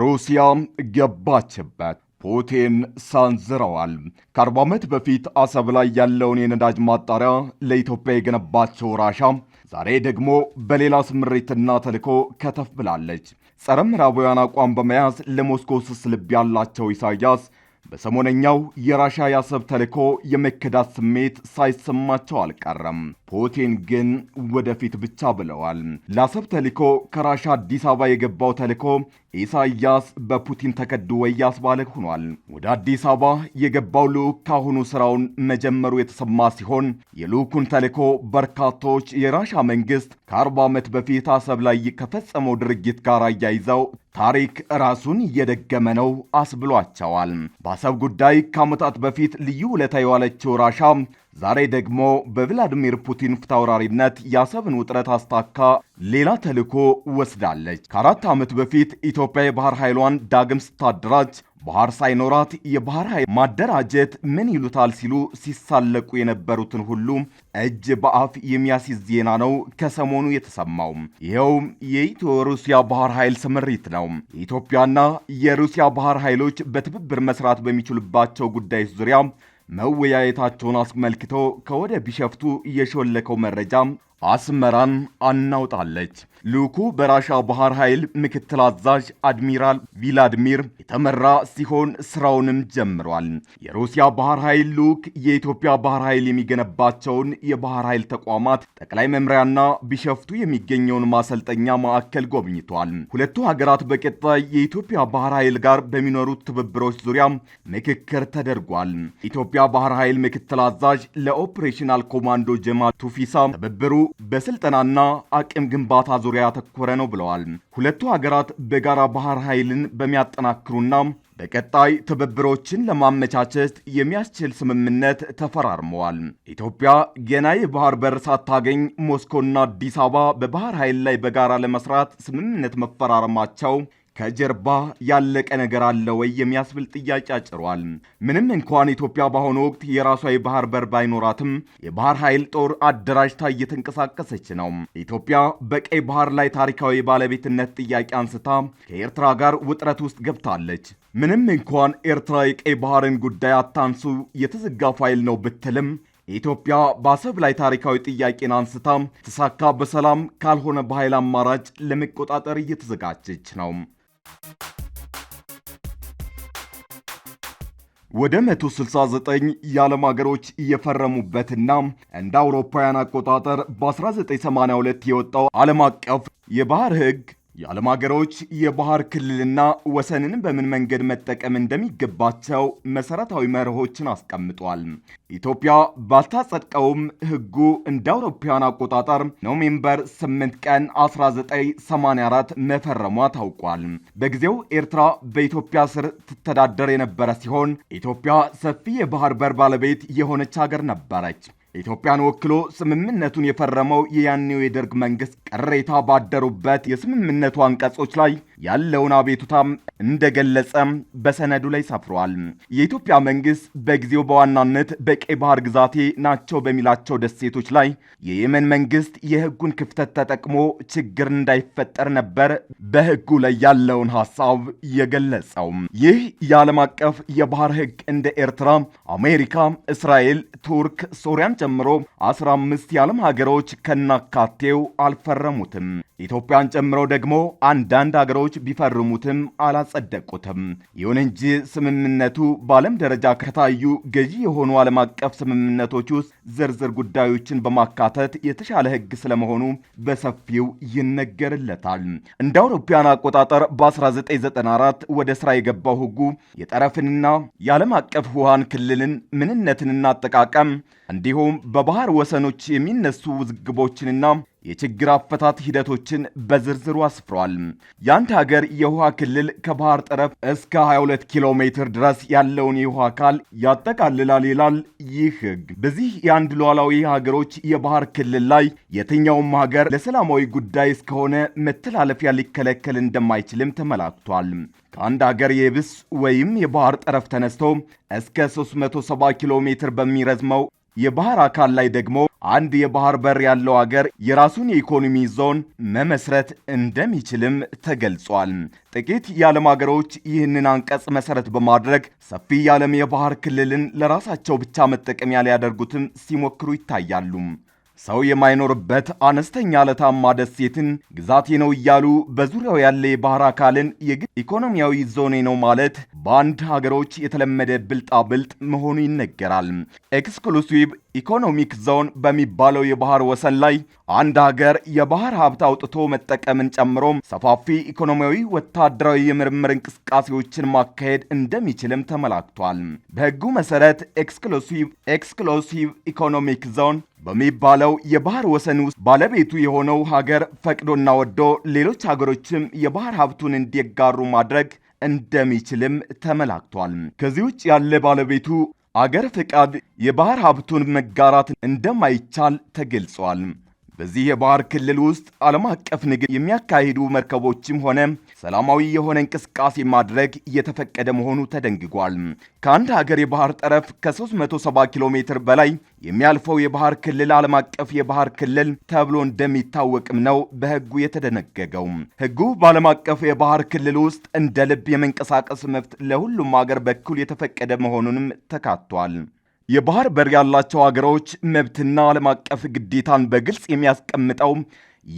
ሩሲያ ገባችበት። ፑቲን ሰንዝረዋል። ከአርባ ዓመት በፊት አሰብ ላይ ያለውን የነዳጅ ማጣሪያ ለኢትዮጵያ የገነባቸው ራሻ ዛሬ ደግሞ በሌላ ስምሪትና ተልዕኮ ከተፍ ብላለች። ጸረ ምዕራባውያን አቋም በመያዝ ለሞስኮ ስስ ልብ ያላቸው ኢሳያስ በሰሞነኛው የራሻ የአሰብ ተልዕኮ የመከዳት ስሜት ሳይሰማቸው አልቀረም። ፑቲን ግን ወደፊት ብቻ ብለዋል። ለአሰብ ተልዕኮ ከራሻ አዲስ አበባ የገባው ተልዕኮ ኢሳያስ በፑቲን ተከዶ ወያስ ባለ ሆኗል። ወደ አዲስ አበባ የገባው ልዑክ ካሁኑ ስራውን መጀመሩ የተሰማ ሲሆን የልዑኩን ተልዕኮ በርካቶች የራሻ መንግስት ከ40 ዓመት በፊት አሰብ ላይ ከፈጸመው ድርጊት ጋር አያይዘው ታሪክ ራሱን እየደገመ ነው አስብሏቸዋል። በአሰብ ጉዳይ ከዓመታት በፊት ልዩ ውለታ የዋለችው ራሻ ዛሬ ደግሞ በቭላዲሚር ፑቲን ፊታውራሪነት የአሰብን ውጥረት አስታካ ሌላ ተልዕኮ ወስዳለች። ከአራት ዓመት በፊት ኢትዮጵያ የባህር ኃይሏን ዳግም ስታደራጅ ባህር ሳይኖራት የባህር ኃይል ማደራጀት ምን ይሉታል ሲሉ ሲሳለቁ የነበሩትን ሁሉ እጅ በአፍ የሚያስይዝ ዜና ነው ከሰሞኑ የተሰማው። ይኸውም የኢትዮ ሩሲያ ባህር ኃይል ስምሪት ነው። የኢትዮጵያና የሩሲያ ባህር ኃይሎች በትብብር መስራት በሚችሉባቸው ጉዳዮች ዙሪያ መወያየታቸውን አስመልክቶ ከወደ ቢሸፍቱ የሾለከው መረጃ አስመራን አናውጣለች። ልዑኩ በራሻ ባህር ኃይል ምክትል አዛዥ አድሚራል ቪላድሚር የተመራ ሲሆን ስራውንም ጀምሯል። የሩሲያ ባህር ኃይል ልዑክ የኢትዮጵያ ባህር ኃይል የሚገነባቸውን የባህር ኃይል ተቋማት ጠቅላይ መምሪያና ቢሸፍቱ የሚገኘውን ማሰልጠኛ ማዕከል ጎብኝቷል። ሁለቱ ሀገራት በቀጣይ የኢትዮጵያ ባህር ኃይል ጋር በሚኖሩት ትብብሮች ዙሪያ ምክክር ተደርጓል። ኢትዮጵያ ባህር ኃይል ምክትል አዛዥ ለኦፕሬሽናል ኮማንዶ ጀማ ቱፊሳ ትብብሩ በስልጠናና አቅም ግንባታ ዙሪያ ያተኮረ ነው ብለዋል። ሁለቱ ሀገራት በጋራ ባህር ኃይልን በሚያጠናክሩና በቀጣይ ትብብሮችን ለማመቻቸት የሚያስችል ስምምነት ተፈራርመዋል። ኢትዮጵያ ገና የባህር በር ሳታገኝ ሞስኮና አዲስ አበባ በባህር ኃይል ላይ በጋራ ለመስራት ስምምነት መፈራረማቸው ከጀርባ ያለቀ ነገር አለ ወይ የሚያስብል ጥያቄ አጭሯል። ምንም እንኳን ኢትዮጵያ በአሁኑ ወቅት የራሷ የባህር በር ባይኖራትም የባህር ኃይል ጦር አደራጅታ እየተንቀሳቀሰች ነው። ኢትዮጵያ በቀይ ባህር ላይ ታሪካዊ ባለቤትነት ጥያቄ አንስታ ከኤርትራ ጋር ውጥረት ውስጥ ገብታለች። ምንም እንኳን ኤርትራ የቀይ ባህርን ጉዳይ አታንሱ የተዘጋ ፋይል ነው ብትልም ኢትዮጵያ በአሰብ ላይ ታሪካዊ ጥያቄን አንስታ ተሳካ በሰላም ካልሆነ በኃይል አማራጭ ለመቆጣጠር እየተዘጋጀች ነው። ወደ 169 የዓለም ሀገሮች እየፈረሙበትና እንደ አውሮፓውያን አቆጣጠር በ1982 የወጣው ዓለም አቀፍ የባህር ሕግ የዓለም ሀገሮች የባህር ክልልና ወሰንን በምን መንገድ መጠቀም እንደሚገባቸው መሰረታዊ መርሆችን አስቀምጧል። ኢትዮጵያ ባልታጸድቀውም ሕጉ እንደ አውሮፓውያን አቆጣጠር ኖቬምበር 8 ቀን 1984 መፈረሟ ታውቋል። በጊዜው ኤርትራ በኢትዮጵያ ስር ትተዳደር የነበረ ሲሆን ኢትዮጵያ ሰፊ የባህር በር ባለቤት የሆነች ሀገር ነበረች። ኢትዮጵያን ወክሎ ስምምነቱን የፈረመው የያኔው የደርግ መንግስት ቅሬታ ባደሩበት የስምምነቱ አንቀጾች ላይ ያለውን አቤቱታ እንደገለጸ በሰነዱ ላይ ሰፍሯል። የኢትዮጵያ መንግስት በጊዜው በዋናነት በቀይ ባህር ግዛቴ ናቸው በሚላቸው ደሴቶች ላይ የየመን መንግስት የህጉን ክፍተት ተጠቅሞ ችግር እንዳይፈጠር ነበር በህጉ ላይ ያለውን ሀሳብ የገለጸው። ይህ የዓለም አቀፍ የባህር ህግ እንደ ኤርትራ፣ አሜሪካ፣ እስራኤል፣ ቱርክ፣ ሶሪያን ጨምሮ 15 የዓለም ሀገሮች ከናካቴው አልፈረሙትም። ኢትዮጵያን ጨምሮ ደግሞ አንዳንድ ሀገሮች ሀገሮች ቢፈርሙትም አላጸደቁትም። ይሁን እንጂ ስምምነቱ በዓለም ደረጃ ከታዩ ገዢ የሆኑ ዓለም አቀፍ ስምምነቶች ውስጥ ዝርዝር ጉዳዮችን በማካተት የተሻለ ሕግ ስለመሆኑ በሰፊው ይነገርለታል። እንደ አውሮፓውያን አቆጣጠር በ1994 ወደ ስራ የገባው ሕጉ የጠረፍንና የዓለም አቀፍ ውሃን ክልልን ምንነትንና አጠቃቀም እንዲሁም በባህር ወሰኖች የሚነሱ ውዝግቦችንና የችግር አፈታት ሂደቶችን በዝርዝሩ አስፍሯል። የአንድ ሀገር የውሃ ክልል ከባህር ጠረፍ እስከ 22 ኪሎ ሜትር ድረስ ያለውን የውሃ አካል ያጠቃልላል ይላል ይህ ህግ በዚህ የአንድ ሉዓላዊ ሀገሮች የባህር ክልል ላይ የትኛውም ሀገር ለሰላማዊ ጉዳይ እስከሆነ መተላለፊያ ሊከለከል እንደማይችልም ተመላክቷል። ከአንድ ሀገር የብስ ወይም የባህር ጠረፍ ተነስቶ እስከ 370 ኪሎ ሜትር በሚረዝመው የባህር አካል ላይ ደግሞ አንድ የባህር በር ያለው አገር የራሱን የኢኮኖሚ ዞን መመስረት እንደሚችልም ተገልጿል። ጥቂት የዓለም አገሮች ይህንን አንቀጽ መሰረት በማድረግ ሰፊ የዓለም የባህር ክልልን ለራሳቸው ብቻ መጠቀሚያ ሊያደርጉትም ሲሞክሩ ይታያሉ። ሰው የማይኖርበት አነስተኛ አለታማ ደሴትን ግዛቴ ነው እያሉ በዙሪያው ያለ የባህር አካልን የግል ኢኮኖሚያዊ ዞኔ ነው ማለት በአንድ ሀገሮች የተለመደ ብልጣብልጥ መሆኑ ይነገራል። ኤክስክሉሲቭ ኢኮኖሚክ ዞን በሚባለው የባህር ወሰን ላይ አንድ ሀገር የባህር ሀብት አውጥቶ መጠቀምን ጨምሮም ሰፋፊ ኢኮኖሚያዊ፣ ወታደራዊ የምርምር እንቅስቃሴዎችን ማካሄድ እንደሚችልም ተመላክቷል። በህጉ መሰረት ኤክስክሉሲቭ ኢኮኖሚክ ዞን በሚባለው የባህር ወሰን ውስጥ ባለቤቱ የሆነው ሀገር ፈቅዶና ወዶ ሌሎች ሀገሮችም የባህር ሀብቱን እንዲጋሩ ማድረግ እንደሚችልም ተመላክቷል። ከዚህ ውጭ ያለ ባለቤቱ አገር ፍቃድ የባህር ሀብቱን መጋራት እንደማይቻል ተገልጿል። በዚህ የባህር ክልል ውስጥ ዓለም አቀፍ ንግድ የሚያካሂዱ መርከቦችም ሆነ ሰላማዊ የሆነ እንቅስቃሴ ማድረግ እየተፈቀደ መሆኑ ተደንግጓል። ከአንድ ሀገር የባህር ጠረፍ ከ370 ኪሎ ሜትር በላይ የሚያልፈው የባህር ክልል ዓለም አቀፍ የባህር ክልል ተብሎ እንደሚታወቅም ነው በሕጉ የተደነገገው። ሕጉ በዓለም አቀፍ የባህር ክልል ውስጥ እንደ ልብ የመንቀሳቀስ መብት ለሁሉም ሀገር በኩል የተፈቀደ መሆኑንም ተካቷል። የባህር በር ያላቸው ሀገሮች መብትና ዓለም አቀፍ ግዴታን በግልጽ የሚያስቀምጠው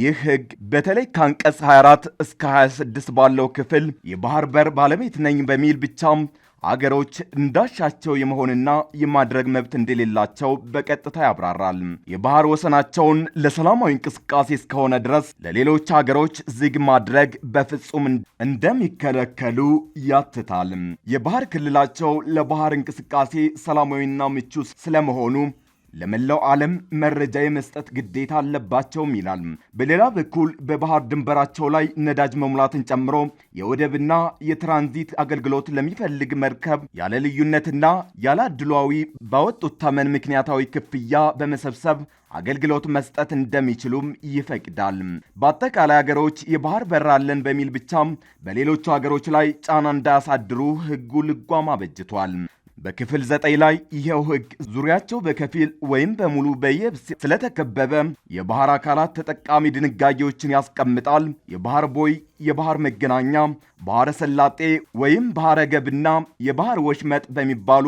ይህ ህግ በተለይ ከአንቀጽ 24 እስከ 26 ባለው ክፍል የባህር በር ባለቤት ነኝ በሚል ብቻም አገሮች እንዳሻቸው የመሆንና የማድረግ መብት እንደሌላቸው በቀጥታ ያብራራል። የባህር ወሰናቸውን ለሰላማዊ እንቅስቃሴ እስከሆነ ድረስ ለሌሎች አገሮች ዝግ ማድረግ በፍጹም እንደሚከለከሉ ያትታል። የባህር ክልላቸው ለባህር እንቅስቃሴ ሰላማዊና ምቹ ስለመሆኑ ለመላው ዓለም መረጃ የመስጠት ግዴታ አለባቸውም ይላል። በሌላ በኩል በባህር ድንበራቸው ላይ ነዳጅ መሙላትን ጨምሮ የወደብና የትራንዚት አገልግሎት ለሚፈልግ መርከብ ያለ ልዩነትና ያለ አድሏዊ ባወጡት ተመን ምክንያታዊ ክፍያ በመሰብሰብ አገልግሎት መስጠት እንደሚችሉም ይፈቅዳል። በአጠቃላይ ሀገሮች የባህር በር አለን በሚል ብቻም በሌሎቹ ሀገሮች ላይ ጫና እንዳያሳድሩ ሕጉ ልጓም አበጅቷል። በክፍል ዘጠኝ ላይ ይኸው ህግ ዙሪያቸው በከፊል ወይም በሙሉ በየብስ ስለተከበበ የባህር አካላት ተጠቃሚ ድንጋጌዎችን ያስቀምጣል። የባህር ቦይ፣ የባህር መገናኛ፣ ባህረ ሰላጤ ወይም ባህረ ገብና የባህር ወሽመጥ በሚባሉ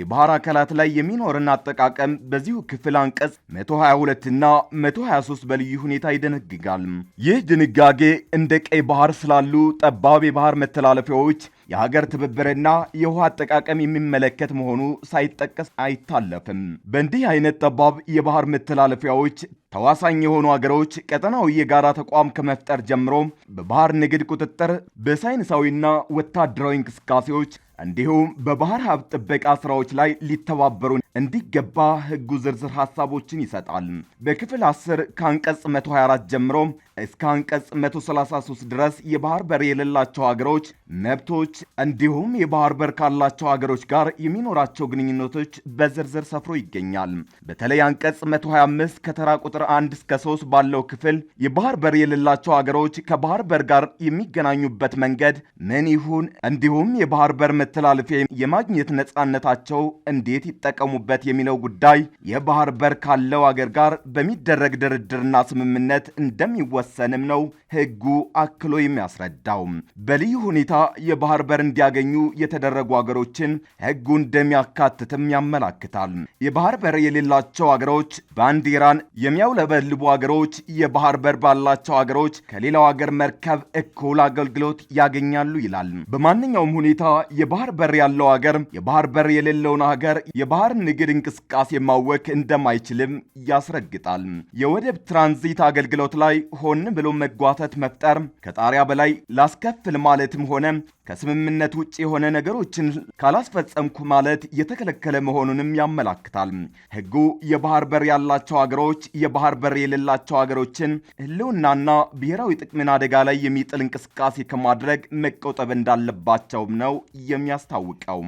የባህር አካላት ላይ የሚኖርን አጠቃቀም በዚሁ ክፍል አንቀጽ 122 እና 123 በልዩ ሁኔታ ይደነግጋል። ይህ ድንጋጌ እንደ ቀይ ባህር ስላሉ ጠባብ የባህር መተላለፊያዎች የሀገር ትብብርና የውሃ አጠቃቀም የሚመለከት መሆኑ ሳይጠቀስ አይታለፍም። በእንዲህ አይነት ጠባብ የባህር መተላለፊያዎች ተዋሳኝ የሆኑ አገሮች ቀጠናዊ የጋራ ተቋም ከመፍጠር ጀምሮ በባህር ንግድ ቁጥጥር፣ በሳይንሳዊና ወታደራዊ እንቅስቃሴዎች እንዲሁም በባህር ሀብት ጥበቃ ስራዎች ላይ ሊተባበሩ እንዲገባ ህጉ ዝርዝር ሀሳቦችን ይሰጣል። በክፍል 10 ከአንቀጽ 124 ጀምሮ እስከ አንቀጽ 133 ድረስ የባህር በር የሌላቸው ሀገሮች መብቶች፣ ሀገሮች እንዲሁም የባህር በር ካላቸው ሀገሮች ጋር የሚኖራቸው ግንኙነቶች በዝርዝር ሰፍሮ ይገኛል። በተለይ አንቀጽ 125 ከተራ ቁጥር 1 እስከ 3 ባለው ክፍል የባህር በር የሌላቸው ሀገሮች ከባህር በር ጋር የሚገናኙበት መንገድ ምን ይሁን፣ እንዲሁም የባህር በር መተላለፊያ የማግኘት ነጻነታቸው እንዴት ይጠቀሙበት የሚለው ጉዳይ የባህር በር ካለው ሀገር ጋር በሚደረግ ድርድርና ስምምነት እንደሚወሰንም ነው ህጉ አክሎ የሚያስረዳው። በልዩ ሁኔታ የባህር ማጭበርበር እንዲያገኙ የተደረጉ አገሮችን ህጉ እንደሚያካትትም ያመላክታል። የባህር በር የሌላቸው አገሮች ባንዲራን የሚያውለበልቡ አገሮች የባህር በር ባላቸው አገሮች ከሌላው አገር መርከብ እኩል አገልግሎት ያገኛሉ ይላል። በማንኛውም ሁኔታ የባህር በር ያለው አገር የባህር በር የሌለውን አገር የባህር ንግድ እንቅስቃሴ ማወክ እንደማይችልም ያስረግጣል። የወደብ ትራንዚት አገልግሎት ላይ ሆን ብሎ መጓተት መፍጠር ከጣሪያ በላይ ላስከፍል ማለትም ሆነ ከስም ከስምምነት ውጭ የሆነ ነገሮችን ካላስፈጸምኩ ማለት የተከለከለ መሆኑንም ያመላክታል። ህጉ የባህር በር ያላቸው ሀገሮች የባህር በር የሌላቸው ሀገሮችን ህልውናና ብሔራዊ ጥቅምን አደጋ ላይ የሚጥል እንቅስቃሴ ከማድረግ መቆጠብ እንዳለባቸውም ነው የሚያስታውቀው።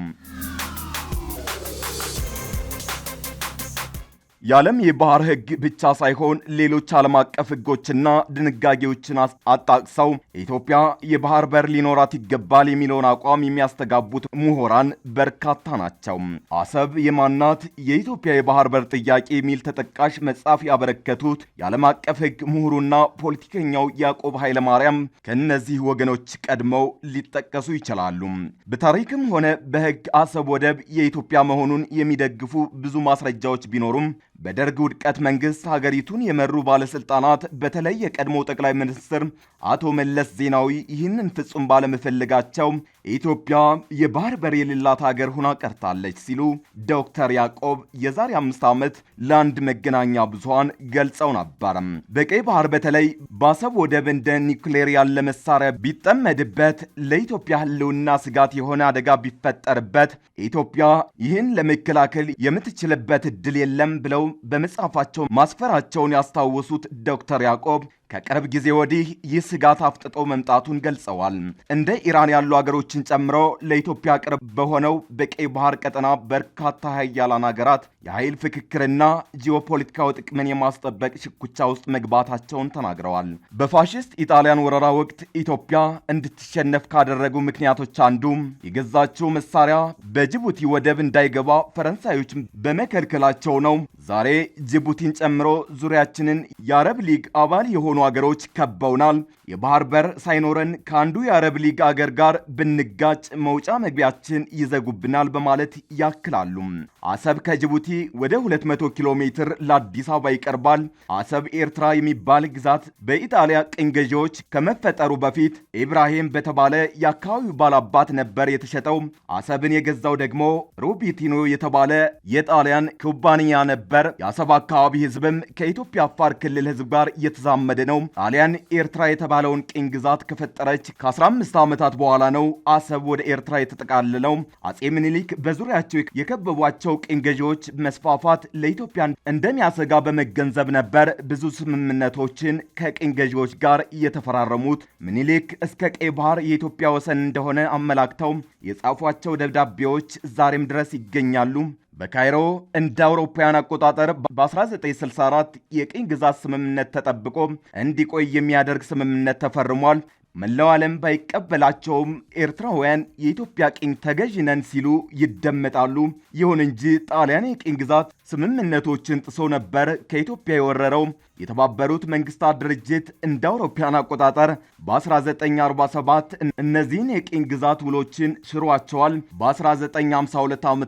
የዓለም የባህር ህግ ብቻ ሳይሆን ሌሎች ዓለም አቀፍ ህጎችና ድንጋጌዎችን አጣቅሰው ኢትዮጵያ የባህር በር ሊኖራት ይገባል የሚለውን አቋም የሚያስተጋቡት ምሁራን በርካታ ናቸው። አሰብ የማናት የኢትዮጵያ የባህር በር ጥያቄ የሚል ተጠቃሽ መጽሐፍ ያበረከቱት የዓለም አቀፍ ህግ ምሁሩና ፖለቲከኛው ያዕቆብ ኃይለማርያም ከእነዚህ ወገኖች ቀድመው ሊጠቀሱ ይችላሉ። በታሪክም ሆነ በህግ አሰብ ወደብ የኢትዮጵያ መሆኑን የሚደግፉ ብዙ ማስረጃዎች ቢኖሩም በደርግ ውድቀት መንግስት ሀገሪቱን የመሩ ባለስልጣናት በተለይ የቀድሞ ጠቅላይ ሚኒስትር አቶ መለስ ዜናዊ ይህንን ፍጹም ባለመፈልጋቸው ኢትዮጵያ የባህር በር የሌላት ሀገር ሆና ቀርታለች ሲሉ ዶክተር ያዕቆብ የዛሬ አምስት ዓመት ለአንድ መገናኛ ብዙሃን ገልጸው ነበር። በቀይ ባህር በተለይ በአሰብ ወደብ እንደ ኒውክሌር ያለ መሳሪያ ቢጠመድበት፣ ለኢትዮጵያ ህልውና ስጋት የሆነ አደጋ ቢፈጠርበት ኢትዮጵያ ይህን ለመከላከል የምትችልበት እድል የለም ብለው በመጻፋቸው ማስፈራቸውን ያስታወሱት ዶክተር ያዕቆብ ከቅርብ ጊዜ ወዲህ ይህ ስጋት አፍጥጦ መምጣቱን ገልጸዋል። እንደ ኢራን ያሉ አገሮችን ጨምሮ ለኢትዮጵያ ቅርብ በሆነው በቀይ ባህር ቀጠና በርካታ ሀያላን አገራት የኃይል ፍክክርና ጂኦፖለቲካዊ ጥቅምን የማስጠበቅ ሽኩቻ ውስጥ መግባታቸውን ተናግረዋል። በፋሽስት ኢጣሊያን ወረራ ወቅት ኢትዮጵያ እንድትሸነፍ ካደረጉ ምክንያቶች አንዱ የገዛችው መሳሪያ በጅቡቲ ወደብ እንዳይገባ ፈረንሳዮች በመከልከላቸው ነው። ዛሬ ጅቡቲን ጨምሮ ዙሪያችንን የአረብ ሊግ አባል የሆኑ የሆኑ አገሮች ከበውናል። የባህር በር ሳይኖረን ከአንዱ የአረብ ሊግ አገር ጋር ብንጋጭ መውጫ መግቢያችን ይዘጉብናል በማለት ያክላሉ። አሰብ ከጅቡቲ ወደ 200 ኪሎ ሜትር ለአዲስ አበባ ይቀርባል። አሰብ ኤርትራ የሚባል ግዛት በኢጣሊያ ቅኝ ገዢዎች ከመፈጠሩ በፊት ኢብራሂም በተባለ የአካባቢው ባላባት ነበር የተሸጠው። አሰብን የገዛው ደግሞ ሩቢቲኖ የተባለ የጣሊያን ኩባንያ ነበር። የአሰብ አካባቢ ህዝብም ከኢትዮጵያ አፋር ክልል ህዝብ ጋር እየተዛመደ ነው። ጣሊያን ኤርትራ የተባለውን ቅኝ ግዛት ከፈጠረች ከ15 ዓመታት በኋላ ነው አሰብ ወደ ኤርትራ የተጠቃለለው። አጼ ምኒልክ በዙሪያቸው የከበቧቸው ቅኝ ገዢዎች መስፋፋት ለኢትዮጵያ እንደሚያሰጋ በመገንዘብ ነበር ብዙ ስምምነቶችን ከቅኝ ገዢዎች ጋር እየተፈራረሙት። ምኒልክ እስከ ቀይ ባህር የኢትዮጵያ ወሰን እንደሆነ አመላክተው የጻፏቸው ደብዳቤዎች ዛሬም ድረስ ይገኛሉ። በካይሮ እንደ አውሮፓውያን አቆጣጠር በ1964 የቅኝ ግዛት ስምምነት ተጠብቆ እንዲቆይ የሚያደርግ ስምምነት ተፈርሟል። መላው ዓለም ባይቀበላቸውም ኤርትራውያን የኢትዮጵያ ቅኝ ተገዥ ነን ሲሉ ይደመጣሉ። ይሁን እንጂ ጣሊያን የቅኝ ግዛት ስምምነቶችን ጥሶ ነበር ከኢትዮጵያ የወረረው። የተባበሩት መንግስታት ድርጅት እንደ አውሮፓውያን አቆጣጠር በ1947 እነዚህን የቅኝ ግዛት ውሎችን ሽሯቸዋል። በ1952 ዓ ም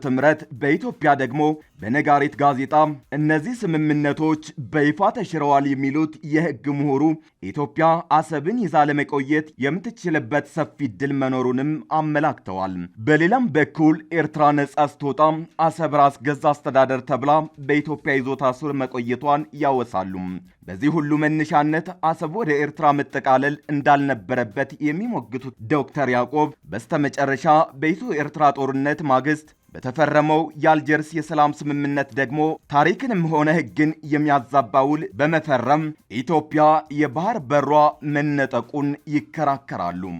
በኢትዮጵያ ደግሞ በነጋሪት ጋዜጣ እነዚህ ስምምነቶች በይፋ ተሽረዋል የሚሉት የህግ ምሁሩ ኢትዮጵያ አሰብን ይዛ ለመቆየት የምትችልበት ሰፊ እድል መኖሩንም አመላክተዋል። በሌላም በኩል ኤርትራ ነጻ ስትወጣ አሰብ ራስ ገዛ አስተዳደር ተብላ በኢትዮጵያ ይዞታ ስር መቆየቷን ያወሳሉ። በዚህ ሁሉ መነሻነት አሰብ ወደ ኤርትራ መጠቃለል እንዳልነበረበት የሚሞግቱት ዶክተር ያዕቆብ በስተመጨረሻ በኢትዮ ኤርትራ ጦርነት ማግስት በተፈረመው የአልጀርስ የሰላም ስምምነት ደግሞ ታሪክንም ሆነ ሕግን የሚያዛባውል በመፈረም ኢትዮጵያ የባህር በሯ መነጠቁን ይከራከራሉ።